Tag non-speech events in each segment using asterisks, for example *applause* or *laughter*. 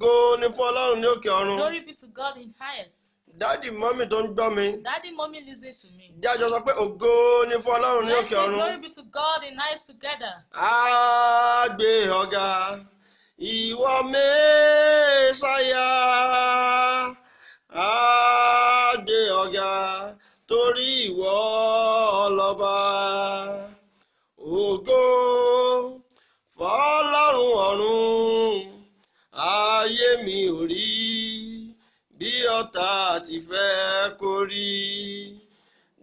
Go ni fún Ọlọ́run ní òkè ọ̀run. Glory be to God in highest. Dádì mọ́mì tó ń gbọ́ mi. Dádì mọ́mì listen to me. Jájọ sọ pé ògo ni fún Ọlọ́run ní òkè ọ̀run. Let's say glory be to God in highest together. Á gbé ọ̀gá ìwọ mẹ́sàáyà. Á gbé ọ̀gá torí ìwọ ọlọ́ba. Ògo fún. tá a ti fẹ́ kó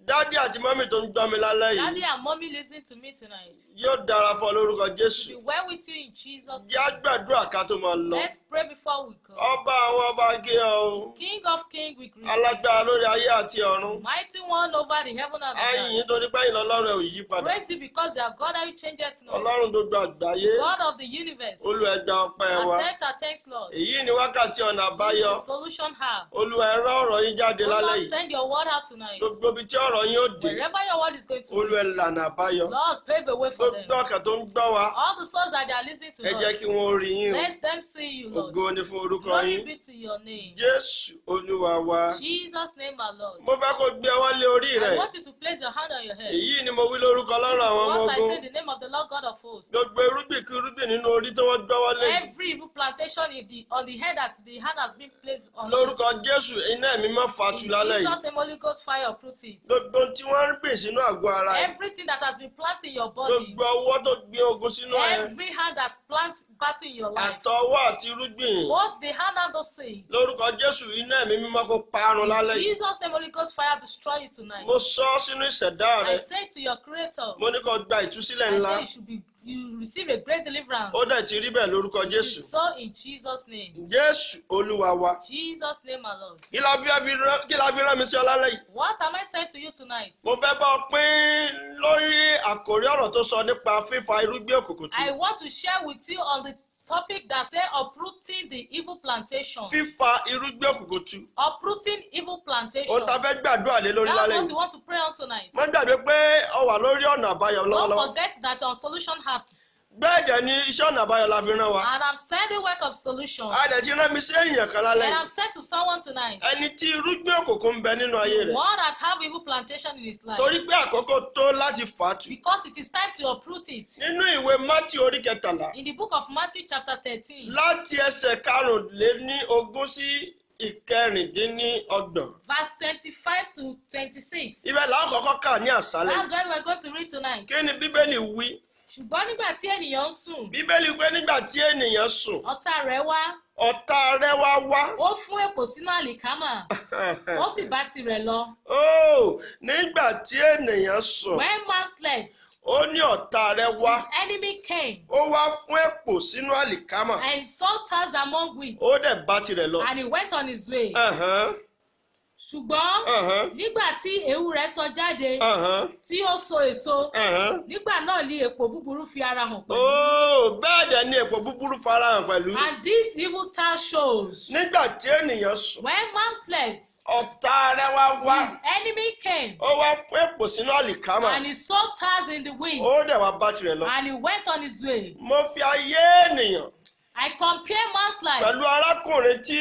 dádì àti mọ́mì tó ń gbọ́ mi lálẹ́ yìí. dádì and mọ́mì listen to me tonight. yóò dára fún ọ lórúkọ Jésù. be well with you in Jesus name. yá gbàdúrà ká tó máa lọ. let's pray before we go. ọba àwọn ọba gé ọ king of kings we greet alágbára lórí ayé àti ọ̀run. mighty one over the heaven and the earth. ayìn nítorí pé ìlọ ẹ̀ ò yí padà. praise you because you God that you change it now. ọlọ́run gbogbo àgbáyé. God of the universe. olú ẹgbẹ́ wa. accept our thanks Lord. èyí ni wákàtí ọ̀nà àbáyọ. this is solution hub. olú ẹ̀rọ ọ̀rọ̀ yín jáde lálẹ́ yìí ọ̀rọ̀ yín ó dé. wherever your word is going to be. olùwẹ̀lànà àbáyọ. Lord pave a way for them. gbogbo tó ń gbọ́ wa. all the souls that they are listening to us. ẹ jẹ́ kí wọ́n rí yín o. let them see you Lord. ògo ni fún orúkọ yín. glory be to your name. Jésù olúwa wa. Jesus name our Lord. mo fẹ́ kó gbé ọwọ́ lé orí rẹ̀. I want you to place your hand on your head. èyí ni mo wí lórúkọ lọ́rọ̀ àwọn ọmọ ogun. this is what I say the name of the Lord God of hosts. gbogbo irúgbìn kí irúgbìn nínú orí tí wọ́n gbọ́ wọlé. every evil plantation in the, on the head that the hand has been placed on. lórúkọ Jésù iná ẹ̀mí mọ́ fàtúlálẹ̀ yìí. in Jesus name Holy Ghost fire uproot it gbogbo tí wọ́n ń gbìn sínú àgọ́ ara yìí. everything that has been planted in your body. gbogbo ọwọ́ tó gbé ogun sínú ẹ. every hand that plant back in your life. àtọwọ́ àti irúgbìn. both the hand and the seed. lórúkọ Jésù iná ẹ̀mí mímọ́ kó parun lálẹ́ Jesus name Holy Ghost fire destroy you tonight. mo sọ sínú ìṣẹ̀dá rẹ. I say to your creator. mo ní kó gba ìtúsílẹ̀ ńlá. I say you should be you receive a great deliverance. ó dẹ̀ ti rí bẹ́ẹ̀ lórúkọ jésù. you saw in Jesus name. jésù olúwa wa. Jesus name alone. lord. kí la fi kí la fi rán mi sí ọ lálẹ́ what am I saying to you tonight. mo fẹ́ bá ọ pín lórí àkórí ọ̀rọ̀ tó sọ nípa fífa irúgbìn òkùnkùn tú. I want to share with you on the Topic that say uprooting the evil plantation. Fífa irúgbìn òkùnkùn tu. Uprooting evil plantation. Ó ta fẹ́ gbàdúrà lé lórí lálẹ́ That's what you want to pray on tonight. Má gbàgbé pé o wà lórí ọ̀nà àbáyọ lọ́wọ́lọ́wọ́. Don't forget that your solution happens bẹ́ẹ̀ dẹ̀ ni iṣẹ́ ọ̀nà àbáyọ la fi rán wa. and I'm sending work of solution. a dẹ̀ ti rán mi sí èèyàn kan lálẹ́. and I'm sent to someone tonight. ẹni tí irúgbìn òkùnkùn ń bẹ nínú ayé rẹ̀. one that have evil plantation in his life. torí pé àkókò tó láti fà á tu. because it is time to uproot it. nínú ìwé Matthew orí kẹtàlá. in the book of Matthew chapter thirteen. láti ẹsẹ̀ karùn-ún-lé-ní ogún sí ìkẹrìndínlọ́gbọ̀n. verse twenty-five to twenty-six. ibẹ̀ làwọn kọ́kọ́ kà ní àṣálẹ́. that's why we are going to read tonight. kí ni bíbélì wí? ṣùgbọ́n nígbà tí ènìyàn ń sùn. bíbélì pé nígbà tí ènìyàn sùn. ọ̀tá rẹ̀ wá. ọ̀tá rẹ̀ wá wá. ó fún èpò sínú àlìkámà *laughs* ó sì bá tirẹ̀ lọ. oh nígbà tí ènìyàn sùn. when man slept. ó ní ọ̀tá rẹ̀ wá. his enemy came. ó wá fún èpò sínú àlìkámà. and salt us among wheat. ó dẹ̀ bá tirẹ̀ lọ. and he went on his way. Uh -huh ṣùgbọ́n uh-huh. nígbà tí èéú rẹ̀ sọ jáde uh-huh. tí ó so èso uh-huh. nígbà náà ni èpò búburú fi ara hàn pẹ̀lú. ooo oh, bẹ́ẹ̀ dẹ̀ ni èpò búburú fara hàn pẹ̀lú. and this evil town shows. nígbà tí ènìyàn sùn. when man slept. ọ̀tá rẹ̀ wá wá. his enemy came. ó wá fún èpò sínú àlìkámà. and he saw tares in the wind. ó dẹ̀ wá bá tirẹ̀ lọ. and he went on his way. mo fi ayé ènìyàn. I compare man's life. Pẹ̀lú arákùnrin tí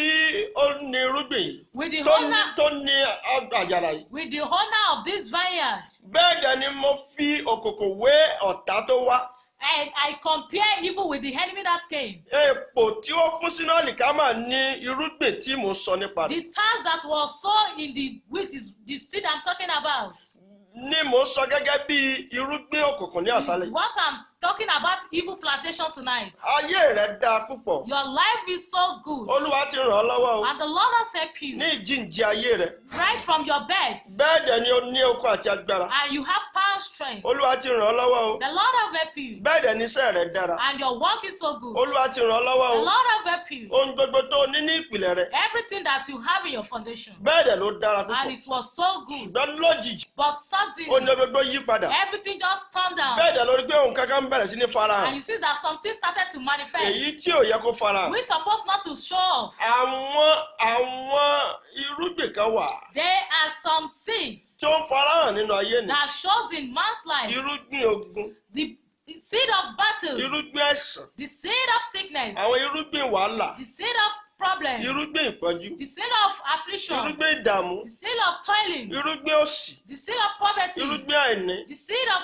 ó ní irúgbìn. With the owner. Tó ní àjàrà yìí. With the owner of this vineyard. Bẹ́ẹ̀ dẹ̀ ni mo fi òkòkò wé ọ̀tá tó wá. I, I compare even with the enemy that came. Èpò tí ó fún sínú àlìkámà ní irúgbìn tí mò sọ nípa rẹ̀. The task that was sown in the wheat is the seed I'm talking about. Ni mò sọ gẹ́gẹ́ bí irúgbìn òkùnkùn ní àṣálẹ̀. It's what I'm saying talking about evil plantation tonight. Ayé rẹ̀ dáa púpọ̀. Your life is so good. Olúwa ti ràn ọ́ lọ́wọ́ o. And the Lord has helped you. Ní ìjìnjẹ ayé rẹ̀. Right from your bed. Bẹ́ẹ̀dẹ̀ ni o ní okun àti agbára. And you have power strength. Olúwa ti ràn ọ́ lọ́wọ́ o. The Lord has helped you. Bẹ́ẹ̀dẹ̀ ni iṣẹ́ rẹ̀ dára. And your work is so good. Olúwa ti ràn ọ́ lọ́wọ́ o. The Lord has helped you. Ohun gbogbo tó o ní ní ìpìlẹ̀ rẹ̀. Everything that you have in your foundation. Bẹ́ẹ̀dẹ̀ ló dára púpọ̀. And it was so good. Ṣùgbọ́n lójijì. But suddenly. Ohun gbogbo yí padà. Everything just turned down. Bẹ́ẹ̀dẹ̀ lórí gbé ohun kankan b bẹ̀rẹ̀ sí ní farahàn. and you see that something started to manifest. èyí tí ò yẹ kó farahàn. we supposed not to show àwọn àwọn irúgbìn kan wà. there are some seeds. tí ó ń farahàn nínú ayé ni. that shows in man's life. irúgbìn ogun. the seed of battle. irúgbìn ẹ̀sán. the seed of sickness. àwọn irúgbìn wàhálà. the seed of problem. irúgbìn ìpọ́njú. the seed of affliction. irúgbìn ìdààmú. the seed of toiling. irúgbìn òṣì. the seed of poverty. irúgbìn àìní. the seed of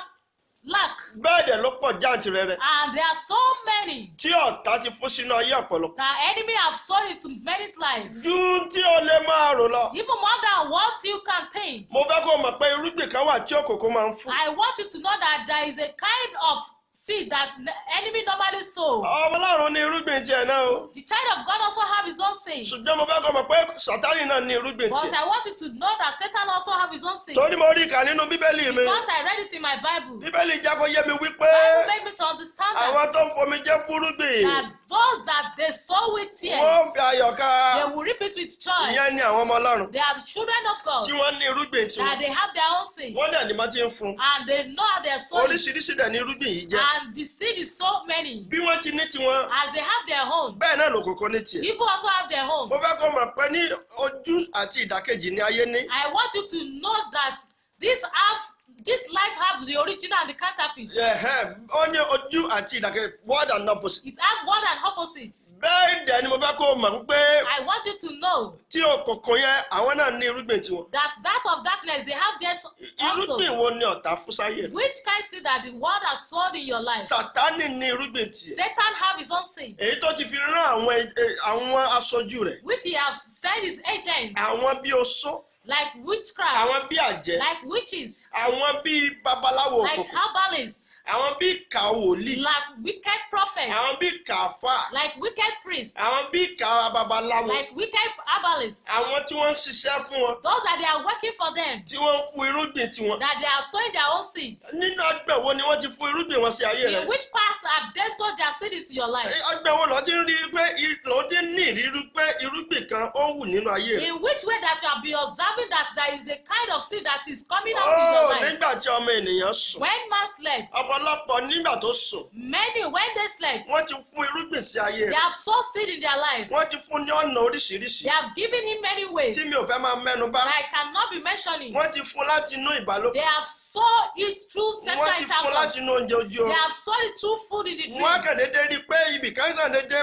lack. bẹ́ẹ̀ dẹ̀ ló pọ̀ jàǹtìrẹrẹ. and there are so many. tí ọ̀tá ti fún sínú ayé ọ̀pọ̀lọpọ̀. na enemy have sown to many's life. ju tí o lè máa rò lọ. even more than what you can think. mo fẹ́ kó o mọ̀ pé irúgbìn kan wà tí òkòkò máa ń fún. I want you to know that there is a kind of See that enemy normally so. ọmọ ọlọ́run ní irúgbìn tiẹ̀ náà o. the child of God also have his own seed. ṣùgbọ́n mo fẹ́ kọ́ mọ̀ pé sátani náà ní irúgbìn tiẹ̀. but I want you to know that Satan also have his own seed. torí mo rí ìkà nínú bíbélì mi. because I read it in my Bible. bíbélì jẹ́ kó yé mi wípé. Bible made me to understand that. àwọn tó ń fomi jẹ́ fúrúgbìn. that those that they sow with tears. wọ́n fi ayọ̀ ká. they will reap it with joy. ìyẹn ni àwọn ọmọ they are the children of God. tí wọ́n ní irúgbìn tiwọn. that they have their own seed. wọ́n dẹ̀ ni mo ti ń fún. and they know how they sow it. oríṣiríṣi dẹ̀ ni irúgbìn yìí jẹ́. and and deceive so many. bí wọ́n ti ní tiwọn. as they have their own. bẹ́ẹ̀ náà lòkòkò ní tiẹ̀. people also have their own. mo fẹ́ kó mọ̀ pé ní ojú àti ìdàkejì ni ayé ní. I want you to know that this half this life has the original and the counterfeit. ó ní ojú àti ìdàkẹ́ word and opposite. it have word and opposite. bẹ́ẹ̀ dẹ̀ ni mo fẹ́ kó o mọ̀ pé. I want you to know. tí òkùnkùn yẹn àwọn náà ní irúgbìn tiwọn. that that of darkness they have theirs also. irúgbìn wo ni ọ̀tá fún sáyé. which kind seed that the world has sown in your life. Sátánì ní irúgbìn tiẹ̀. Satan have his own seed. èyí tó ti fi rán àwọn eh, àwọn aṣojú rẹ̀. which he have sent his agents. àwọn bí oṣó like witchcraft. àwọn bí àjẹ́. like witches. àwọn bí babaláwo òkùnkùn. like herbalists àwọn bíi kà wòlíì. like wicked prophets. àwọn bíi kà àfà. like wicked priests. àwọn bíi kà babaláwo. like wicked herbalists. àwọn tí wọ́n ń ṣiṣẹ́ fún wọn. those that they are working for them. tí wọ́n ń fún irúgbìn tiwọn. that they are sowing their own seeds. nínú ọgbẹ́ ni wọ́n ti fún irúgbìn wọn sí ayé rẹ. in which part have they sowed their seed into your life. ọgbẹ́ wo lọ́ọ́ rí i pé lọ́ọ́ ní ìrírí pé irúgbìn kan ó wù nínú ayé rẹ. in which way that you have been observing that there is a kind of seed that is coming out oh, in your oh, life. ó nígbà tí ọmọ ènìyàn sùn. when man slept. ọ̀pọ̀ ọ̀pọ̀lọpọ̀ nígbà tó sùn. many when they slept. wọ́n ti fún irúgbìn sí ayé rẹ̀. they have sown seed in their life. wọ́n ti fún ní ọ̀nà oríṣiríṣi. they have given him many ways. tí mi ò fẹ́ máa mẹ́nu bá. that I cannot be mentioning. wọ́n ti fún láti inú ìbálòpọ̀. they have sown it through sexual intercourse. wọ́n ti fún láti inú oúnjẹ ojú oorun. they have sown it through food in the dream. wọ́n kàn déédéé rí i pé ibì kan náà déédéé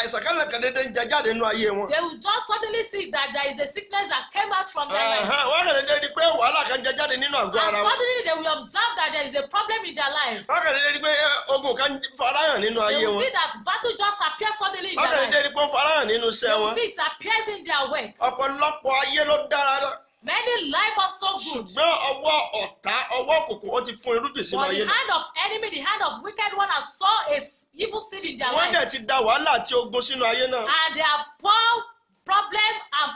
àìsàn kan náà kàn déédéé ń jẹ jáde nínú ayé wọn. they will just suddenly see that there is a sickness that came out from their life. wọ́n kàn déédéé rí i pé wàhálà kan jẹ jáde nínú àgọ́ ara wọn. and suddenly they will observe that there is a problem in their life life. ọkàn dédé ni pé ogun kan farahàn nínú ayé wọn. they see that battle just appear suddenly in their life. ọkàn dédé ni pé ó farahàn nínú iṣẹ́ wọn. they see it appears in their work. ọ̀pọ̀lọpọ̀ ayé ló dára. Many life are so good. Ṣùgbọ́n ọwọ́ ọ̀tá ọwọ́ òkùnkùn ó ti fún irúgbìn sínú ayé But the hand of enemy the hand of wicked one has saw a evil seed in their life. Wọ́n dẹ̀ ti da wàhálà àti ogun sínú ayé náà. And they have poured problem and,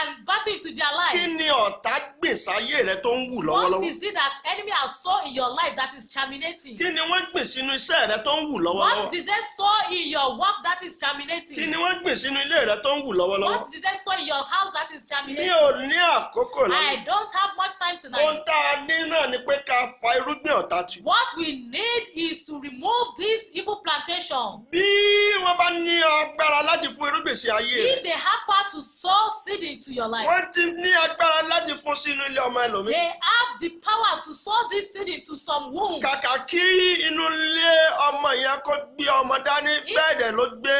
and battle into their life. kí ni ọ̀tá gbìn sáyé rẹ tó ń wù lọ́wọ́lọ́wọ́. what is it that enemy has saw in your life that is germinating. kí ni wọ́n gbìn sínú iṣẹ́ rẹ tó ń wù lọ́wọ́lọ́wọ́. what did they saw in your work that is germinating. kí ni wọ́n gbìn sínú ilé rẹ tó ń wù lọ́wọ́lọ́wọ́. what did they saw in your house that is germinating. mi ò ní àkókò lọ́wọ́. I don't have much time tonight. ohun tá a ní náà ni pé ká fa irúgbìn ọ̀tá tu. what we need is to remove this evil plantation. bíi wọ́n bá ní agbára láti fún irúgbèsè ayé if they have power to sow seed into your life. wọ́n ti ní agbára láti fún sínú ilé ọmọ ẹlòmíì. they have the power to sow this seed into some womb. kàkà kí inú ilé ọmọ yẹn kó gbé ọmọ dání bẹ́ẹ̀ ló gbé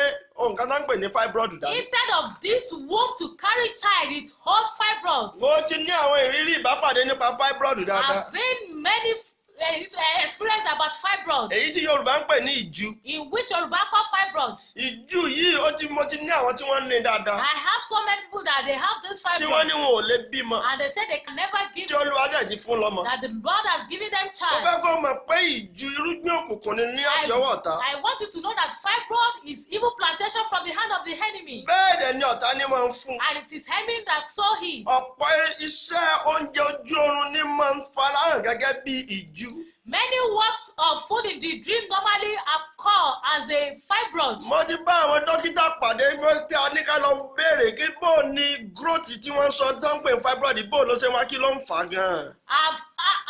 nǹkan tá ń pè ní fibroid dání. instead of this womb to carry child it hold fibroid. mo ti ní àwọn ìrírí ìbápàdé nípa fibroid dáadáa. i have seen many experience about fibroid. èyí tí yorùbá ń pè ní ìjú. in which yorùbá call fibroid. ìjú yìí ó ti mo ti ní àwọn tí wọ́n ní dáadáa. I have so many people that they have this fibroid. tí wọ́n ní wọn ò lè bímọ. and they say they can never give. tí olúwa jẹ́ ti fún lọ́mọ. that the Lord has given them child. mo fẹ́ kó mọ̀ pé ìjú irúgbìn òkùnkùn ni ní àti ọwọ́ ọ̀tá. I want you to know that fibroid is evil plantation from the hand of the enemy. bẹ́ẹ̀ dẹ̀ ni ọ̀tá ni máa ń fún. and it is hemming that sow he. ọ̀pọ̀ iṣẹ́ oúnjẹ ojú Many works of food in the dream normally occur as a fibroid. Mo ti bá àwọn dókítà pàdé gbọ́n tí a ní ká lọ béèrè kí bó ni growth tí wọ́n sọ tó ń pè fibroid bó ló ṣe wá kí ló ń fà á gan-an. I've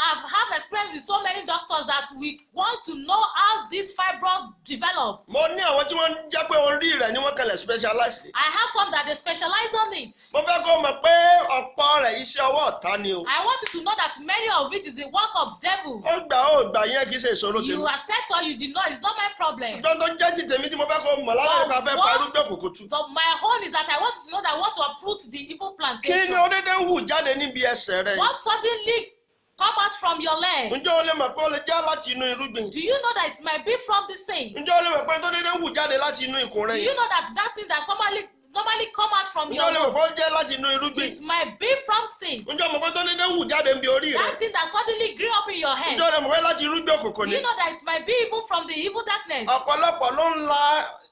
I've had experience with so many doctors that we want to know how this fibroid develop. Mo ní àwọn tí wọ́n jẹ́ pé orí rẹ̀ ni wọ́n kẹlẹ̀ specialize. I have some that they specialize on it. Mo fẹ́ kó mọ̀ pé ọ̀pọ̀ rẹ̀ iṣẹ́ ọwọ́ ọ̀tá ni o. I want you to know that many of it is the work of devil. Ó gbà ó gbà yẹn kì í ṣe ìṣòro tèmi. You accept or you deny it's not my problem. Ṣùgbọ́n tó jẹ́ ti tèmi tí mo fẹ́ kó mọ̀ lálẹ́ nípa fẹ́ fa irúgbẹ́ òkòkò tu. But my own is that I want you to know that I want to uproot the evil plantation. Kí ni ó dédé ń hù jáde níbi ẹsẹ̀ rẹ̀? What suddenly come out from your leg. ǹjẹ́ o lè mọ̀ pé o lè já láti inú irúgbìn? do you know that it might be from the same? ǹjẹ́ o lè mọ̀ pé tó dédé wù jáde láti inú ikùn rẹ do you know that that thing that somebody normally come out from your womb. ǹjẹ́ jẹ́ láti inú irúgbìn. it might be from seed. ǹjẹ́ ọmọ pé tó ní déhùn jáde níbi orí rẹ. that thing that suddenly grew up in your head. ǹjẹ́ ọmọ pé láti irúgbìn òkùnkùn ni. you know that it might be even from the evil darkness. ọ̀pọ̀lọpọ̀ ló ń la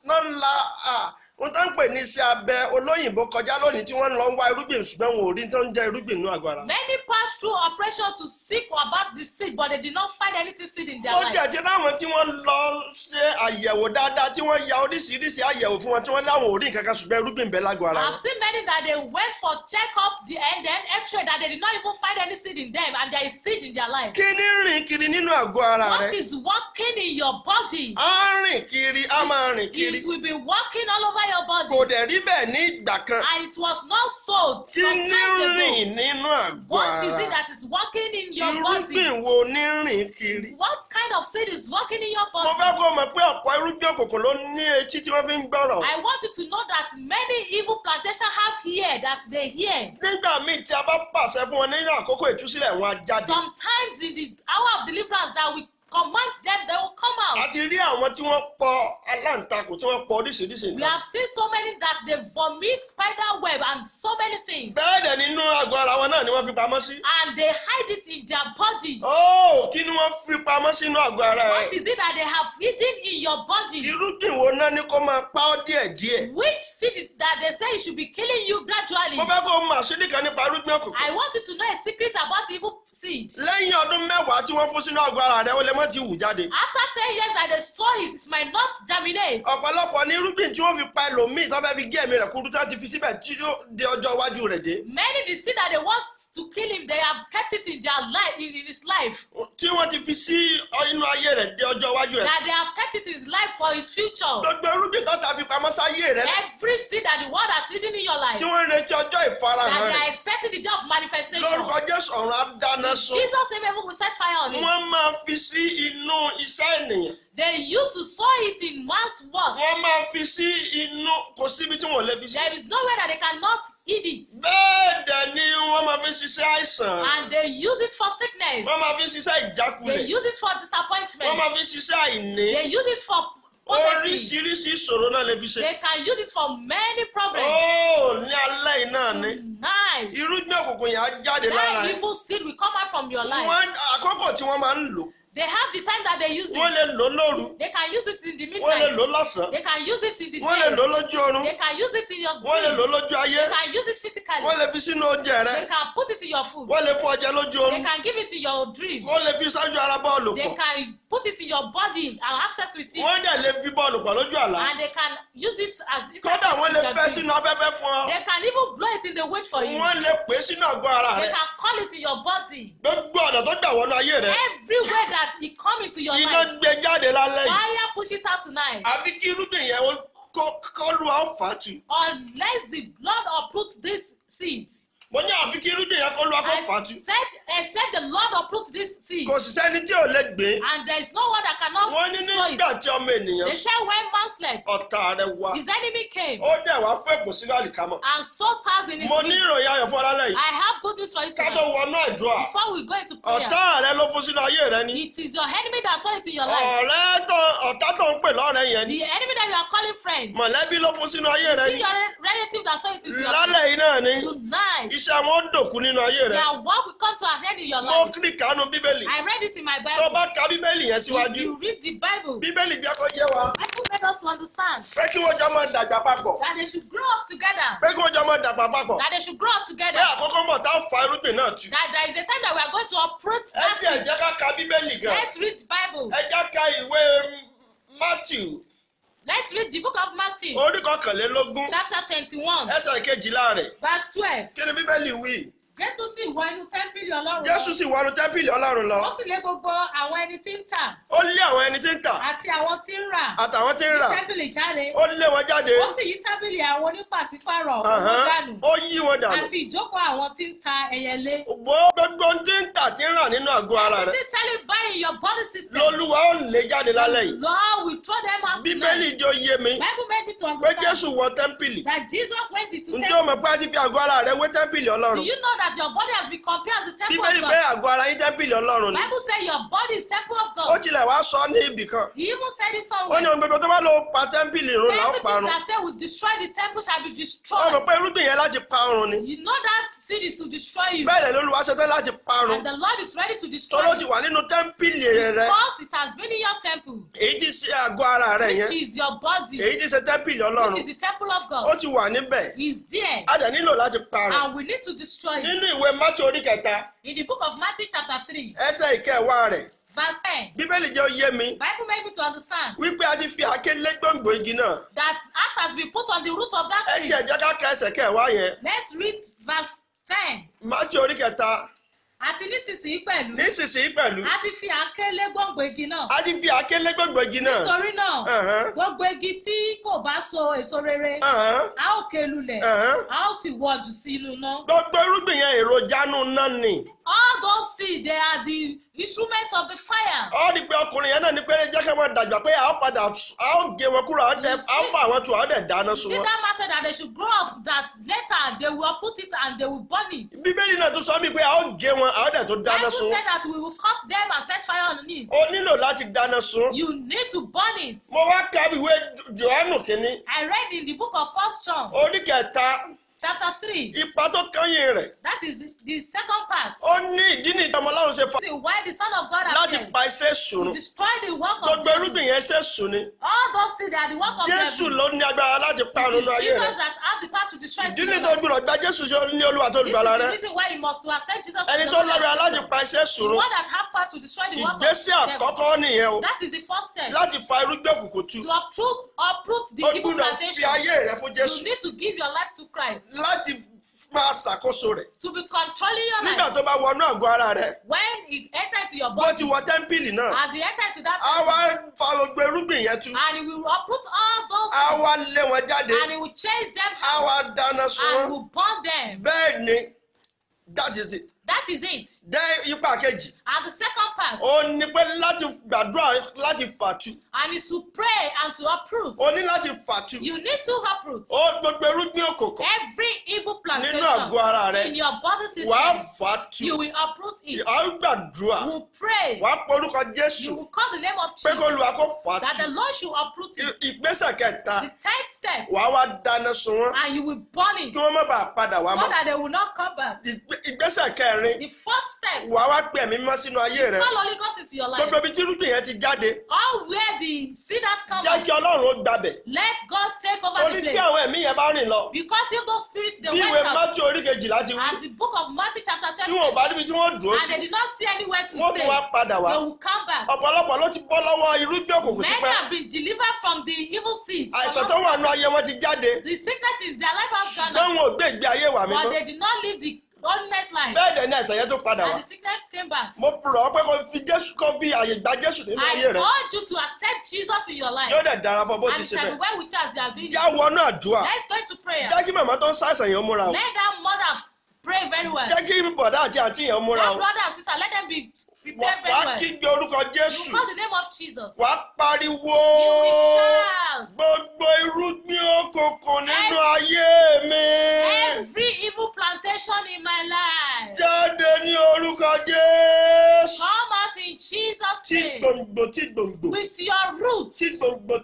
ló ń la wọ́n tán ń pè ní iṣẹ́ abẹ olóyìnbó kọjá lónìí tí wọ́n lọ ń wá irúgbìn ṣùgbọ́n wọn ò rí tán ń jẹ́ irúgbìn inú àgọ́ many pass through operation to seek about the seed but they did not find anything seed in their life. ó jẹ́ ti láwọn tí wọ́n lọ ṣe àyẹ̀wò dáadáa tí wọ́n ya oríṣiríṣi àyẹ̀wò fún wọn tí wọ́n láwọn ò rí nǹkan kan ṣùgbọ́n irúgbìn bẹ́ẹ̀ lágọ̀ I have seen many that they went for check up the end then x-ray that they did not even find any seed in them and there is seed in their life. kí ni kiri nínú àgọ́ ara rẹ? what is working in your body? a rìn kiri a máa rìn kiri. it will be working all over your body. kò dẹ̀ rí bẹ́ẹ̀ ní ìgbà kan. and it was not so some ago. kí ní rìn nínú àgọ́ ara. what is it that is working in your irúgbìn body. irúgbìn wo ní rìn kiri. what kind of seed is working in your body. mo fẹ́ kó o mọ̀ pé ọ̀pọ̀ irúgbìn òkùnkùn ló ní etí tí wọ́n fi ń gbọ́rọ̀. I want you to know that many evil plantation have here that they hear. nígbà míì tí a bá pàṣẹ fún wọn nínú àkókò ìtúsílẹ̀ wọn á jáde. sometimes in the hour of deliverance that we command them they will come out. a ti rí àwọn tí wọ́n pọ̀ aláǹtakùn tí wọ́n pọ̀ oríṣiríṣi. we have seen so many that they vomit spider web and so many things. bẹ́ẹ̀ dẹ̀ nínú àgọ́ ara wọn náà ni wọ́n fi pamọ́ sí. and they hide it in their body. oh kí ni wọ́n fi pamọ́ sínú àgọ́ ara rẹ̀. what is it that they have hidden in your body. irúgbìn wo náà ni kó máa pa ọ́ díẹ̀ díẹ̀. which seed that they say should be killing you gradually. mo fẹ́ kó o mọ àṣírí kan nípa irúgbìn òkùnkùn. I want you to know a secret about evil seed. lẹ́yìn ọdún mẹ́wàá tí wọ́n fún sínú àgọ́ ara rẹ̀ ó lè má ti wù jáde. after ten years I destroy it it might not germinate. ọ̀pọ̀lọpọ̀ ni irúgbìn tí wọ́n fi pa ẹlòmíì tó fẹ́ fi gé ẹ̀mí rẹ̀ kúrú tó ti fi síbẹ̀ tí ó de ọjọ́ iwájú rẹ̀ dé. many dey see that they want to kill him they have kept it in their life in, in his life. tí wọ́n ti fi sí inú ayé rẹ̀ dé ọjọ́ iwájú rẹ̀. that they have kept it in his life for his future. gbogbo irúgbìn tó ta fi pamọ́ sáyé rẹ̀. every seed that the world has hidden in your life. tí wọ́n ń retí ọjọ́ ìfarahàn rẹ̀. that they are expecting the day of manifestation. lórúkọ Jésù ọ̀run á dáná sun. Jesus name even will set fire on it. wọ́n máa fi sí inú iṣẹ́ ènìyàn. They used to sow it in man's work. Wọ́n máa fi sí inú kò síbi tí wọ́n lè fi sí. There is nowhere that they cannot eat it. Bẹ́ẹ̀ dẹ̀ ni wọ́n máa fi ṣiṣẹ́ àìsàn. And they use it for sickness. Wọ́n máa fi ṣiṣẹ́ ìjákulẹ̀. They use it for disappointment. Wọ́n máa fi ṣiṣẹ́ àìní. They use it for poverty. Oríṣiríṣi ìṣòro náà lè fi ṣe. They can use it for many problems. Oh, ní alẹ́ yìí náà ni. Nine. Irúgbìn òkùnkùn yẹn á jáde lára yẹn. Nine evil seed will come out from your life. Wọ́n àkókò tí wọ́n máa ń lò. They have the time that they use it. Wọ́n lè lò lóru. They can use it in the midnight. Wọ́n lè lò lọ́sàn They can use it in the day. Wọ́n lè lò lójú oorun. They can use it in your dream. Wọ́n lè lò lójú ayé. They can use it physically. Wọ́n lè fi sínú oúnjẹ rẹ. They can put it in your food. Wọ́n lè fún ọjà lójú oorun. They can give it in your dream. Wọ́n lè fi ṣáájú ara bọ́ọ̀lù pọ̀. They can put it in your body and access with it. Wọ́n dẹ̀ lè fi bọ́ọ̀lù pọ̀ lójú àlá. And they can use it as it Kódà wọ́n lè fẹ́ sínú afẹ́fẹ́ fún ọ. They can even blow it in the wind for you. Wọ́n lè pè é sínú àgọ́ ara rẹ. They can call it in your body. Gbogbo ọ̀nà tó gbà wọnú ayé rẹ. Everywhere that that it come into your life. iná gbé jáde lálẹ́ yìí. fire push it out tonight. àfi kí irúgbìn yẹn kọ́ lu àwọn fàtú. unless the blood uproot these seeds mo ní àfi kí irúgbìn yẹn olúwa kó fà á tú. except the Lord uproot this seed. kò sì sẹ́ni tí ò lè gbé. and there is no one that cannot sow it. wọ́n ní nígbà tí ọmọ ènìyàn. they said when man slept. ọ̀tá rẹ̀ wá. his enemy came. ó dẹ̀ wá fún èpò sínú àlìkámọ̀. and so task in his mo ní ìròyìn ayọ̀ fún ọlálẹ́ yìí. I have good news for you tonight. kátó wọnú àdúrà. before we go into prayer. ọ̀tá rẹ ló fún sínú ayé rẹ ni. it is your enemy that saw it in your life. ọ̀rẹ́ tó ọ̀tá tó ń pè lọ́rẹ́ yẹn ni. the enemy that you are calling friend. mọ̀lẹ́bí your relative that sow it in your life. tonight iṣẹ́ wọn dòkú nínú ayé rẹ. their work will come to an end in your life. mo kiri kanu bíbélì. I read it in my Bible. tó bá ka bíbélì yẹn síwájú. if you read the Bible. bíbélì jẹ́ kó yé wa. Bible made us to understand. pé kí wọ́n jọ máa dàgbà papọ̀. that they should grow up together. pé kí wọ́n jọ máa dàgbà papọ̀. that they should grow up together. bẹ́ẹ̀ àkókò mọ̀ tá a fa irúgbìn náà tu. that there is a time that we are going to uproot that seed. ẹ ti ẹ̀ jẹ́ ká ka bíbélì gan. let's read Bible. ẹ jẹ́ ká ìwé Matthew let's read the book of Matthew. orí kọkànlélógún. chapter twenty-one. ẹsẹ̀ kejìlá rẹ̀. verse twelve. kí ni bíbélì wí jésù sì wọ inú tẹ́ḿpìlì ọlọ́run lọ. jésù sì wọ inú tẹ́ḿpìlì ọlọ́run lọ. ó sì lé gbogbo àwọn ẹni tí ń tà. ó lé àwọn ẹni tí ń tà. àti àwọn tí ń rà. àtàwọn tí ń rà. ní tẹ́ḿpìlì jáde. ó lé wọn jáde. ó sì yí tábìlì àwọn onípàṣípàrọ̀ wọn dànù. ó yí wọn dànù. àti ìjókòó àwọn tí ń ta ẹyẹlé. gbogbo tí ń tà tí ń rà nínú àgọ́ ara rẹ̀. lolúwa ó lé jáde lálẹ́ yìí. bíbélì jọ yé mi. pé jésù wọ tẹ́ḿpìlì. ǹjẹ́ o mọ̀ pé a ti fi àgọ́ ara rẹ̀ wé tẹ́ḿpìlì ọlọ́run. do you know that that your body has been compared as the temple Bíbélì of God. Bíbélì pé àgọ́ ara yín jẹ́ bílì Ọlọ́run ni. Bible say your body is temple of God. Ó tilẹ̀ wá sọ ní ibì kan. He even said it somewhere. Ó ní ohun gbogbo tó bá lọ pa tẹ́ḿpìlì run là ó parun. Everything that say we destroy the temple shall be destroyed. Ó mọ̀ pé irúgbìn yẹn láti parun ni. You know that seed is to destroy you. Bẹ́ẹ̀ ló Olúwa ṣetán láti parun. And the Lord is ready to destroy you. Tó ló ti wà nínú tẹ́ḿpìlì rẹ. Because it has been in your temple. Èyí ti ṣe àgọ́ ara rẹ yẹn. Which is your body. Èyí ti ṣe tẹ́ḿpìlì Ọlọ́run. Which is the temple of God. Ó ti wà níbẹ̀. He is there. A dẹ̀ nílò láti parun. And we need to destroy it nínú ìwé mátí orí kẹta. in the book of matthew chapter three. ẹsẹ̀ ìkẹwàá rẹ̀. verse ten. bíbélì jẹ́ oyé mi. bible make me to understand. wípé a ti fi àáké lé gbòǹgbò igi náà. that axe has been put on the root of that tree. ẹ jẹ́ ẹ jẹ́ ká kẹsẹ̀ kẹwàá yẹn. let's read verse ten. mátí orí kẹta àti nísinsìnyí pẹ̀lú. nísinsìnyí pẹ̀lú. a ti fi àáké lé gbòǹgbò igi náà. a ti fi àáké lé gbòǹgbò igi náà. nítorí náà gbogbo igi tí kò bá so èso rere a ó ké lulẹ̀ a ó sì wọ́ọ̀dù sí inú iná. gbogbo irúgbìn yẹn èròjà nù náà ni all those seeds they are the instruments of the fire. ọ ní pé ọkùnrin yẹn náà ní pé jẹ́ kí wọ́n dàgbà pé àwọn padà àwọn gé wọn kúrò àwọn fà wọn tu àwọn dẹ̀ dáná sun wọn. see that man said that they should grow up that later they will put it and they will burn it. bíbélì náà tún sọ mí pé àwọn gé wọn àwọn dẹ̀ tó dáná sun. bible said that we will cut them and set fire on it. o nílò láti dáná sun. you need to burn it. mo wá ka ìwé johannu kínní. I read in the book of first John. orí kẹta chapter three. ipa tó kányìn rẹ̀. that is the, the second part. ó ní ìdí ni ìtàmọ́ ọlọ́run ṣe fa. why the son of God appeared. láti pa iṣẹ́ èṣù to destroy the work of the gbogbo irúgbìn yẹn ṣe èṣù ni. all those things are the work of the devil. jésù ló ní agbára láti pa àrùn ayé rẹ̀. that have the power to destroy ìdí ni tó gbúdọ̀ gba jésù ṣe ní olúwa tó lùgbàlà rẹ̀. this is the reason why you must accept Jesus ẹni tó lágbára láti pa iṣẹ́ èṣù the one that have power to destroy the work of the devil. ìgbésẹ̀ àkọ́kọ́ nìyẹn o. that is the first step. láti fa irúgbìn to uproot uproot the evil you need to give your life to Christ láti máa ṣàkóso rẹ̀. to be controlling your life. nígbà tó bá wọnú àgọ́ ara rẹ̀. when he entered to your body. bó ti wọ tẹ́ḿpìlì náà. as he entered to that temple. a wá fa gbogbo irúgbìn yẹn tú. and he will put all those. a wá lé wọn jáde. and he will chase them out. a wá dáná sun wọn. and he will burn them. bẹ́ẹ̀ ni that is it that is it. dé ipa kejì. and the second part. ó ní pé láti gbàdúrà láti fàtu. and is to pray and to uproot. o ní láti fàtu. you need to uproot. ó gbogbo irúgbìn òkòkò. every evil plantation. nínú àgọ́ ara rẹ. in your body system. wàá fàtu. you will uproot it. wàá gbàdúrà. you will pray. wàá porúkọ Jésù. you will call the name of Jesus. pé kó lu àkó fàtu. that the Lord should uproot it. ìgbésẹ̀ kẹta. the third step. wàá wá dáná sun wọn. and you will burn it. kí wọ́n má bàa padà wá mọ́. so that they will not come back. ìgbésẹ̀ kẹrin ẹ̀rin. the fourth step. wàá wá pè ẹ̀mí mímọ́ sínú ayé rẹ. call holy ghost into your life. gbogbo ibi tí irúgbìn yẹn ti jáde. all where the cedars come from. jẹ́ ọlọ́run ó gbabẹ̀. let God take over Only the place. orí tí àwọn ẹ̀mí yẹn bá rìn lọ. because if those spirits they went out. bí ìwé Matthew orí kejìlá ti as the book of Matthew chapter twelve. tí wọn ò bá níbi tí wọ́n dúró sí. and they did not see anywhere to stay. wọ́n tún wá padà wá. they will come back. ọ̀pọ̀lọpọ̀ ló ti bọ́ lọ́wọ́ irúgbìn òkùnkùn tipẹ́. many have been delivered from the evil seed. àìsàn tó wà nù ayé wọn ti jáde. the sickness in their life has gone. ṣùgbọ́n wọn ò gbé ìgbé ayé wa mímọ́. but they did not leave the boldness life. bẹ́ẹ̀ dẹ̀ ni àìsàn yẹn tó padà wá. and the sickness came back. mo rọ̀ ọ́ pé kó fi jésù kó fi àyè gba jésù nínú ayé rẹ. I urge you to accept Jesus in your life. yóò dẹ̀ dára fún bó ti ṣe bẹ́ẹ̀. and shall be well with you as you are doing this. yà wọnú àdúrà. let's go into prayer. jẹ́ kí màmá tó ń ṣàìsàn yẹn múra o. let that mother pray very well. jẹ́ kí bọ̀dá àti àǹtí yẹn múra o. brother and sister let them be prepared very well. wàá kígbe orúkọ Jésù. you call the name of Jesus. wàá pariwo. you will shout. gbogbo irúgbìn òkùnkùn nínú ayé mi. every evil plantation in my life. jáde ní orúkọ Jésù. Tí gbòǹgbò With your roots. Tí gbòǹgbò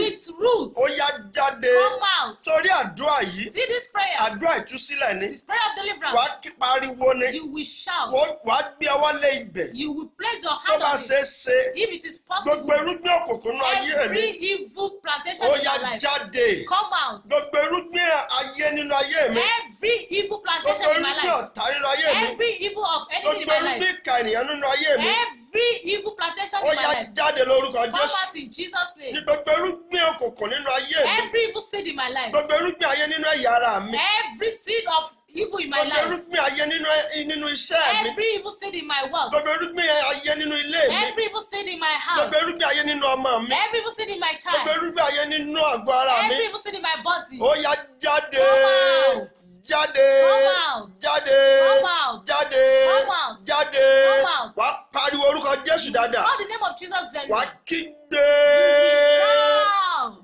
With roots. Ó yá jáde. Come out. Torí àdúrà yìí. See this prayer. Àdúrà ìtúsílẹ̀ ni. This prayer of deliverance. Wàá pariwo ni. You will shout. Wàá gbé ọwọ́ lé ibẹ̀. You will place your hand on it. Tó bá ṣe é ṣe. If it is possible. Gbogbo irúgbìn òkùnkùn náà ayé mi. Every evil plantation in my life. Ó yá jáde. Come out. Gbogbo irúgbìn ayé nínú ayé mi. Every evil plantation in my life. Gbogbo irúgbìn ọ̀tá nínú ayé mi. Every evil of anything in my life. Gbogbo irúgbìn ìkà nínú ayé mi. Every every evil plantation in my life. ó yá jáde lórúkọ Jésù. poverty in Jesus name. ní gbogbo irúgbìn òkùnkùn nínú ayé mi. every evil seed in my life. gbogbo irúgbìn ayé nínú ẹ̀yà ara mi. every seed of evil in my life. gbogbo irúgbìn ayé nínú iṣẹ́ mi. every evil seed in my work. gbogbo irúgbìn ayé nínú ilé mi. every evil seed in my house. gbogbo irúgbìn ayé nínú ọmọ mi. every evil seed in my child. gbogbo irúgbìn ayé nínú àgọ́ ara mi. every evil seed in my body. ó yá jáde. come out. jáde. come out. jáde. come out. jáde. come out. jáde. come out pariwo orúkọ Jésù dáadáa. call the name of Jesus very well. wà á kígbe.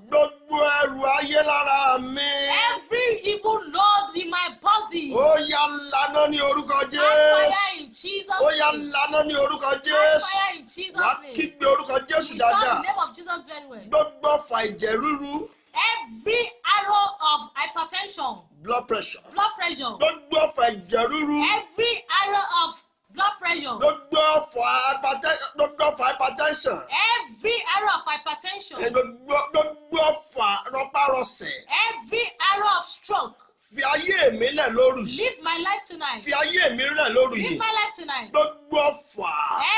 gbogbo ẹrù ayé lára mi. every evil load in my body. ó yá lánàá ní orúkọ Jésù. ó yá lánàá ní orúkọ Jésù. wà á kígbe orúkọ Jésù dáadáa. gbogbo ọfà ẹ̀jẹ̀ ríru. every arrow of hypertension. blood pressure. blood pressure. gbogbo ọfà ẹ̀jẹ̀ ríru. every arrow of blood pressure. gbogbo ọ̀fọ̀ hypertension gbogbo ọ̀fọ̀ hypertension. every arrow of hypertension. gbogbo gbogbo ọ̀fọ̀ rọpárọsẹ̀. every arrow of stroke fi ayé mi lẹ̀ lóru yìí. leave my life tonight. fi ayé mi lẹ̀ lóru yìí. leave my life tonight. gbogbo ọ̀fà.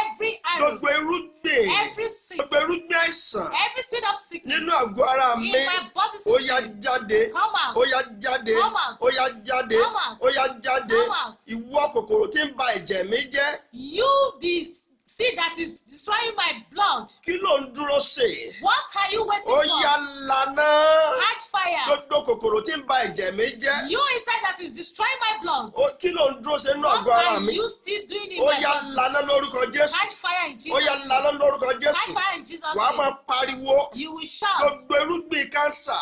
every arrow. gbogbo irúgbìn. every sin. gbogbo irúgbìn àìsàn. every seed of sickness. nínú àgọ́ ara mi. in my body system. ó yá jáde. come out. ó yá jáde. come out. ó yá jáde. come out. ó yá jáde. come out. ìwọ kòkòrò tí ń ba ẹ̀jẹ̀ mi jẹ́. you this. See that is destroying my blood. Kí ló ń dúró ṣe? What are you waiting for? Ó yá lana. Catch fire. Gbogbo kòkòrò tí ń ba ẹ̀jẹ̀ mi jẹ́. You inside that is destroying my blood. Ó kí ló ń dúró ṣe nínú àgọ́ ara mi? What are you still doing in oh, my blood? Ó yá lana lórúkọ Jésù. Catch fire in Jesus. Ó oh, yá lana lórúkọ Jésù. Catch fire in Jesus. Wàá máa pariwo. You will shout. Gbogbo irúgbìn kánsà.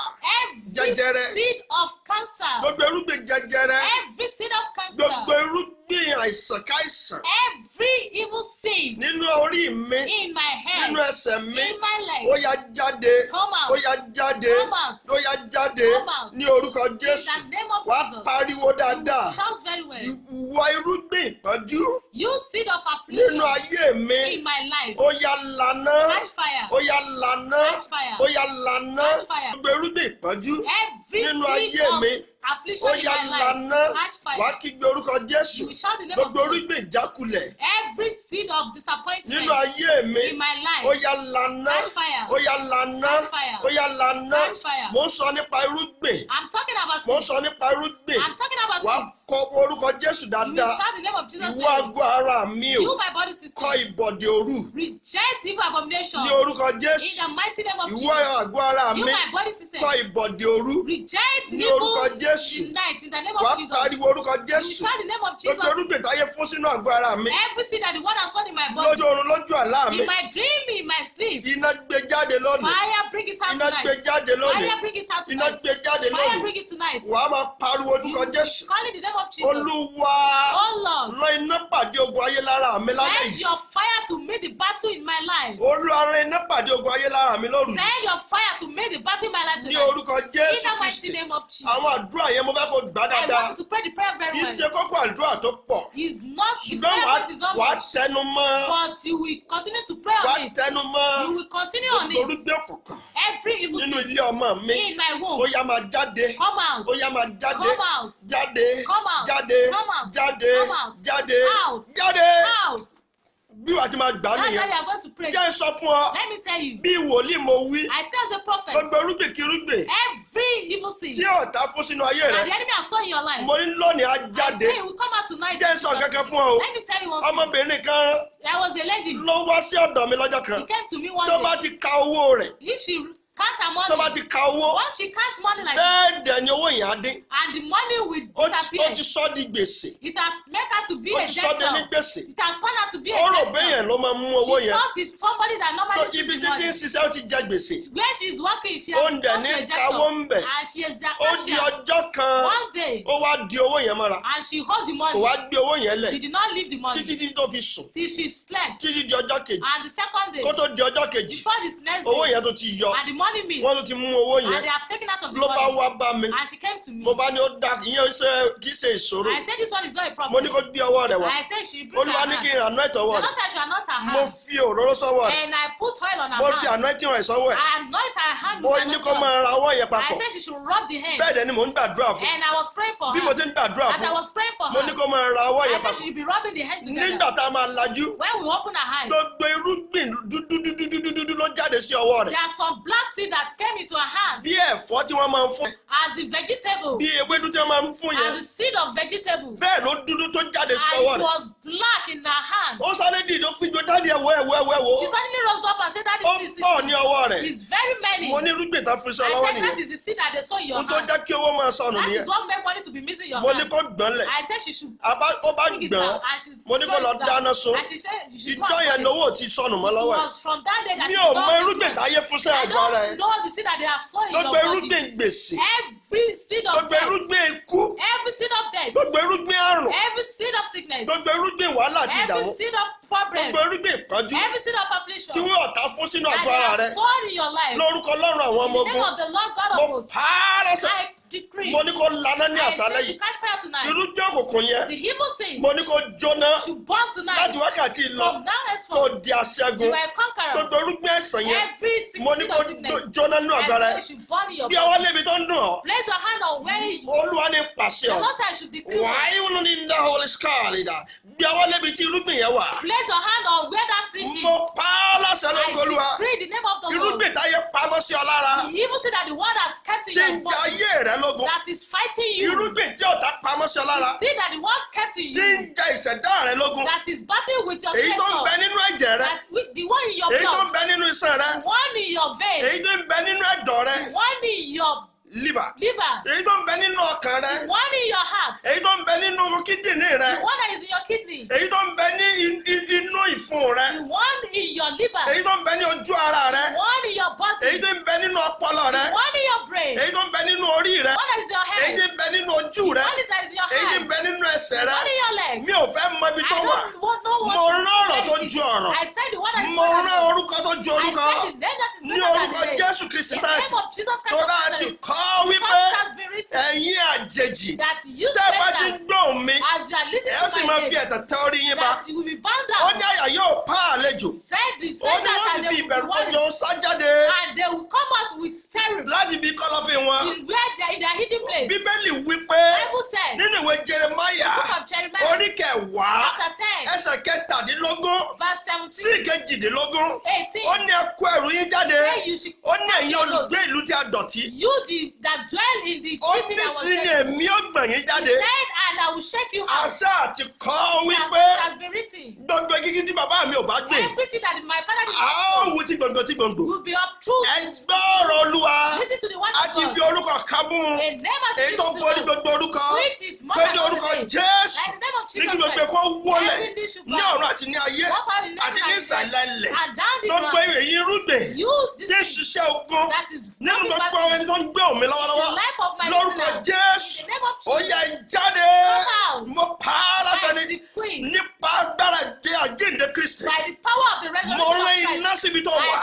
Every seed of cancer. Gbogbo irúgbìn jẹjẹrẹ. Every seed of cancer. Gbogbo irúgbìn gbìn àìsàn káìsàn. every evil sin. nínú orí mi. in my head. nínú ẹsẹ̀ mi. in my life. ó yá jáde. come out. ó yá jáde. come out. ó yá jáde. come out. ní orúkọ Jésù. in the name of Jesus. wàá pariwo dáadáa. you shout very well. ìwọ irúgbìn ìpọ́njú. you seed of affliction. nínú ayé mi. in my life. ó yá lànà. catch fire. ó yá lànà. catch fire. ó yá lànà. catch fire. gbogbo irúgbìn ìpọ́njú. every seed of. nínú ayé mi in ó yà lànà wàá kígbe orúkọ Jésù gbogbo orígbìn ìjákulẹ̀ nínú ayé mi ó yà lànà ó yà lànà ó yà lànà mò ń sọ nípa irúgbìn mò ń sọ nípa irúgbìn wàá kọ orúkọ Jésù dáadáa ìwọ àgọ́ ara mi o kọ ìbọ̀dẹ̀ òru ní orúkọ Jésù ìwọ àgọ́ ara mi kọ ìbọ̀dẹ̀ òru ní orúkọ Jésù jésù wà á pariwo orúkọ jésù lójú orúgbìn táyé fún sínú àgọ́ ara mi lójú oorun lójú àlá mi iná gbé jáde lónìí iná gbé jáde lónìí iná gbé jáde lónìí wà á máa pariwo orúkọ jésù olúwa oh, rán iná pàdé ogun ayé lára mi lálẹ́ yìí to make the battle in my life. Olúwa iná pàdé ogun ayé lára mi lóru. Send your fire to make the battle in my life tonight. Ní orúkọ Jésù Kristi. Àwọn àdúrà yẹn mo fẹ́ kó gbà dáadáa. I want you to pray the prayer very well. Kì í ṣe kókó àdúrà tó pọ̀. It's not the prayer is not much. wàá tẹnu mọ́. But you will continue to pray on it. Wàá tẹnu mọ́. You will continue on it. Olùgbé ọ̀kọ̀ọ̀kan. Every evil sin. Nínú ilé ọmọ mi. In my womb. Ó yá jáde. Come out. Ó yá jáde. Come out. Jáde. Come out. Jáde. Come out. Jáde. Come Out. Jáde. Out. Jáde. Out bí wàá ti máa gbà á nìyẹn. that's how you are going to pray. jẹ́ n sọ fún ọ. let me tell you. bí wòlíì mo wí. I say as a prophet. gbogbo irúgbìn kí irúgbìn. every evil sin. tí ọ̀tá fún sínú ayé rẹ. that the enemy has sown in your life. mo ní lónìí á jáde. say we come out tonight. jẹ́ n sọ kankan fún ọ let me tell you one thing. ọmọbìnrin kan. was a lady. ló wá sí ọ̀dọ̀ mi lọ́jọ́ kan. came to me one day. tó bá ti ka owó rẹ̀. if she count her money. tó bá ti ka owó. once she count money like. bẹ́ẹ̀ dẹ̀ ni owó yẹn á dín. and the money will disappear. ó ti sọ di gbèsè. it has make her to be a debtor. ó ti sọ di ní gbèsè. it has turned her to be a debtor. ó rò bẹ́yẹn ló máa mú owó yẹn. she thought it's somebody that normally no, should be money. ibi títí ṣiṣẹ́ ó ti jẹ gbèsè. where she is working she has become a debtor. ó ń dẹ̀ ní ń bẹ̀. and she is their cashier. ó di ọjọ́ kan. one day. ó wá di owó yẹn mọ́ra. and she hold the money. kò wá gbé owó yẹn lẹ̀. she did not leave the money. títí tó fi sùn. till she slept. títí di ọjọ́ and the second day. before the next day money means. wọ́n tún ti mú owó yẹn. and they have taken out of the money. ló bá wá bá mi. and she came to me. mo bá ní ó da ìyẹn ṣe kì í ṣe ìṣòro. I said this one is not a problem. mo ní kó gbé ọwọ́ rẹ̀ wá. I said she bring her hand. olúwa ní kí n anoint ọwọ́ rẹ̀. the Lord said she anoint her hand. mo fi òróró sọ́wọ́ rẹ̀. and I put oil on her hand. mo fi anointing rẹ̀ sọ́wọ́ rẹ̀. I anoint her hand with anointing. mo ní kó máa ra ọwọ́ yẹn papọ̀. I said she should rub the hand. bẹ́ẹ̀ dẹ̀ ni ń gbàdúrà fún. and I was praying for her. bí mo ti ń gbàdúrà fún. as I was praying for her. mo ní kó máa ra ọwọ́ yẹn papọ̀. I said she should be rubbing the hand together. nígbà tá a máa lajú. when we open our eyes. gbogbo irúgbìn dúdúdúdúdúdú ló jáde sí ọwọ́ rẹ̀. there are some black seed that came into her hand. bí ẹ̀fọ́ tí wọ́n máa ń fún as a vegetable. bí ewédú tí wọ́n máa ń fún yẹn. as the seed of vegetable. bẹ́ẹ̀ ló dúdú tó jáde sọ́wọ́ rẹ̀. and it was black in her hand. ó sáré dìdó píjọ dáàdi ẹ̀wọ̀ ẹ̀wọ̀ ẹ̀wọ̀ ẹ̀wọ̀. she suddenly rose up and said that is see see. ó pọ̀ ní ọwọ́ rẹ̀. it's very many. mo ní irúgbìn tá a fi ṣọlọ́wọ́ nìyẹn. I said that is the seed that they sow in your hand. n tó jẹ́ kí owó máa sọnù nìyẹn. that is one make money to be missing your hand. mo ní kó gbọ́n lẹ̀. I said she should. àbá ó bá gbọ́n mo ní kó lọ dáná sun. ìjọ yẹn lówó ti sọnù mọ́ lọ́wọ́ ẹ̀. mi ò mọ irúgbìn táyé fún sẹ́ àgbára ẹ̀. I don't know the seed that they have sown in your body. ló gbé every seed of death. gbogbo irúgbìn ikú. every seed of death. gbogbo irúgbìn àrùn. every seed of sickness. gbogbo irúgbìn wàhálà àti ìdààmú. every seed of problem. gbogbo irúgbìn ìkánjú. every seed of affliction. tí wọ́n ọ̀tá fún sínú àgọ́ ara rẹ. that they are sown in your life. lórúkọ ọlọ́run àwọn ọmọ ogun. in the name of the Lord God of hosts. mo pa á I mo ní kó laná ní àṣálẹ́ yìí. I say to catch fire tonight. òkùnkùn yẹn. the evil sin. mo ní kó jóná. burn tonight. láti wákàtí lọ. from di aṣẹ́gun. you are a conqueror. gbogbo irúgbìn ẹ̀sán yẹn. every sickness mo ní kó jóná nínú agbára. and so you bí ọwọ́ lébi tó ń dùn ọ́. place your hand on where you. olúwa ni pàṣẹ ọ. the Lord said I should ní ndá holy scar leader. bí ọwọ́ lébi tí irúgbìn yẹn wà. place your hand on where that seed mo pa ọ́ lọ́sẹ̀ lórúkọ olúwa. I decree the name of the Lord. irúgbìn táyé pamọ́ sí ọ lára. the evil sin that the world has kept in your body. ayé rẹ lógun. that is fighting you. irúgbìn tí ọ̀tá pamọ́ sí ọ see that the one kept in you. tí ń jẹ ìṣẹ̀dá rẹ lógun. that is battling with your creator. èyí tó ń bẹ nínú ẹ̀jẹ̀ rẹ. the one in your blood. èyí tó ń bẹ nínú iṣan rẹ. one in your vein. èyí tó ń bẹ nínú ẹ̀dọ̀ rẹ. one in your liver. liver. èyí tó ń bẹ nínú ọkàn rẹ. one in your heart. èyí tó ń bẹ nínú kídìnrín rẹ. the one that is in your kidney. èyí tó ń bẹ ní inú ìfun rẹ. the one in your liver. èyí tó ń bẹ ní ojú ara rẹ. the one in your body. èyí tó ń bẹ nínú ọpọlọ rẹ. the one in your brain. èyí tó ń bẹ nínú orí rẹ. one that is your head. èyí tó ń bẹ nínú ojú rẹ. one that is your heart. èyí tó ń bẹ nínú ẹsẹ̀ rẹ. one in your leg. mi ò fẹ́ mọ ibi tó wà. I don't know what to say. mo rán ọ̀rọ̀ tó ju ọ̀rọ̀. I said the one that is your head. mo rán orúkọ tó ju orúkọ. I said the name that ní orúkọ jésù kristi sáàtì tọ́lá ti kọ́ wípé ẹ̀yin àjèjì tẹ́ ẹ bá ti ń gbóhùn mi ẹ sì máa fi ẹ̀tàn tẹ orí yín ba ó ní àyà yóò pa àlejò ó ní wọ́n sì fi ìbẹ̀rù ọjọ́ sá jáde láti bí kọ́lọ́fín wọn bíbélì wípé nínú ìwé jeremaya orí kẹwàá ẹsẹ̀ kẹtàdínlógún sí ìkejìdínlógún ó ní ẹ kó ẹrù yín jáde ó ní ẹ̀yin olùgbé ìlú tí a dọ̀tí. you the that dwell in the city that was there. ó ní sí èmi ó gbọ̀n yín jáde. he said and I will shake you out. àṣà àti kọ́ wípé gbogbo gígí tí bàbá mi ò bá gbé. everything that my father did. a ó ti gbòǹgbò ti gbòǹgbò. will be up true. ẹ gbọ́ ọ̀rọ̀ olúwa. listen to the word of God. a ti fi orúkọ kábùn. a name has to us. èyí tó gbóni gbogbo orúkọ. we ní kí gbogbo ẹ̀kọ́ wọlé ní ọ̀run àti ní ayé àti ní ìsàlẹ̀ ilẹ̀ gbogbo èyí irúgbìn tí ń ṣiṣẹ́ ogun nínú gbogbo ẹni tó ń gbé òmí lọ́wọ́lọ́wọ́ lórúkọ Jésù ó yá jáde mo pa á láṣẹ ni nípa agbára dé àjíǹde Kristi mo rán iná síbi tó wà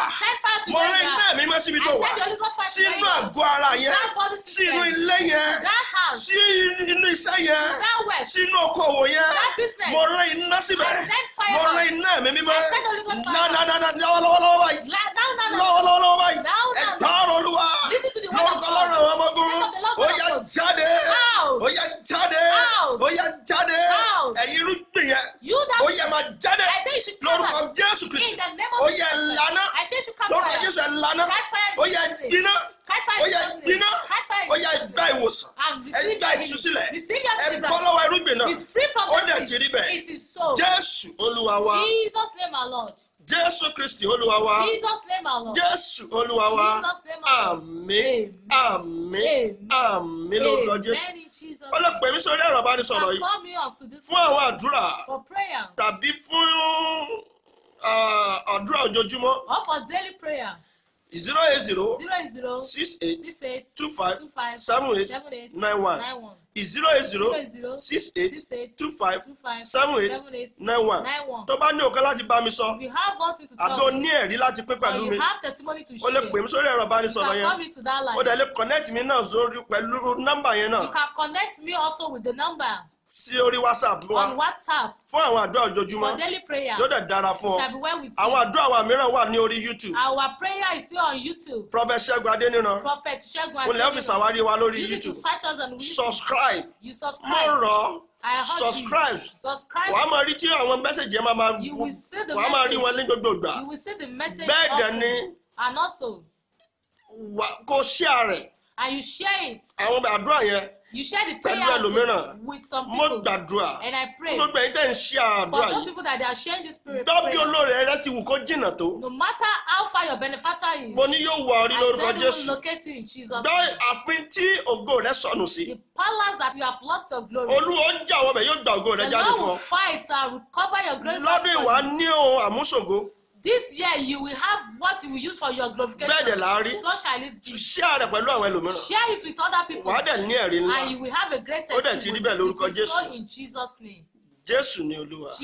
mo rán iná mímọ́ síbi tó wà sínú àgọ́ ara yẹn sínú ilé yẹn sínú iṣẹ́ yẹn sínú okòwò yẹn yẹn mo rán iná síbẹ̀ mo rán iná mi mímọ́ lọ́wọ́lọ́wọ́ báyìí lọ́wọ́lọ́wọ́ báyìí ẹ̀dá ọ̀rọ̀ olúwa lórúkọ lọ́rùn àwọn ọmọgun ó yá jáde ó yá jáde ó yá jáde ẹ̀yin irúgbìn yẹn ó yẹ máa jáde lórúkọ Jésù Kristi ó yẹ lana lórúkọ Jésù ẹ̀ lana ó yẹ dínà ó yẹ dínà ó yẹ gbà ìwòsàn ẹgbà ìtúsílẹ̀ ẹ bọ́ lọ́wọ́ irúgbìn náà ó dẹ̀ ti rí bẹ́ẹ̀ jésù olúwa wa jésù kristi olúwa wa jésù olúwa wa àmín àmín àmín lórúkọ jésù ó lè pè mí sórí ẹ̀rọ ìbánisọ̀rọ̀ yìí fún àwọn àdúrà tàbí fún uh, àdúrà ojoojúmọ́. or for daily prayer zero eight zero zero eight zero six eight six eight two five two five seven eight seven eight nine one nine one zero eight zero zero six eight six eight two five two five seven eight seven eight nine one nine one tó bá ní ọ̀kan láti bá mi sọ you have nothing to talk àbí o ní ẹ̀rí láti pé pẹ̀lú mi or you have testimony to share o lè pè mí sórí ẹ̀rọ ìbánisọ̀rọ̀ yẹn you can call me to that line o dẹ̀ lè connect mi náà sórí pẹ̀lú nọ́mbà yẹn náà you can connect me also with the number sí orí whatsapp wa on whatsapp fún àwọn àdúrà ojoojúmọ́ daily prayer yóò dẹ̀ dára fún ọ shall be well with you àwọn àdúrà wa mìíràn wà ní orí youtube our prayer is on youtube prophet Ṣẹ́gun Adéníran prophet Ṣẹ́gun Adéníran olè ọ́fíìsì àwárí wa lórí youtube you search us on youtube subscribe you subscribe mo rọ̀ subscribe wàá máa rí tí àwọn mẹ́sẹ̀gì yẹn máa máa wàá máa rí wọn ní gbogbo ìgbà bẹ́ẹ̀ dẹ̀ ni kò share rẹ̀ and you share it àwọn àdúrà yẹn you share the prayer with some people. and I pray. for those people that they are sharing this spirit. dọ́bí no matter how far your benefactor is. mo ní yóò wà orí lórúkọ Jésù. I said we will locate you in Jesus. gbọ́ the palace that you have lost your glory. olúwa ń jà wọ́n bẹ̀ yóò the Lord will fight and recover your glory. lọ́dún ìwà this year you will have what you will use for your glorification. bẹ́ẹ̀ dẹ̀ la rí so shall it share rẹ̀ pẹ̀lú àwọn ẹlòmíràn. share it with other people. wàá dẹ̀ ní ẹ̀rí ńlá. and you will have a great testimony. ó dẹ̀ ti rí bẹ́ẹ̀ lórúkọ Jésù. it is so in Jesus name. Jésù ni Olúwa.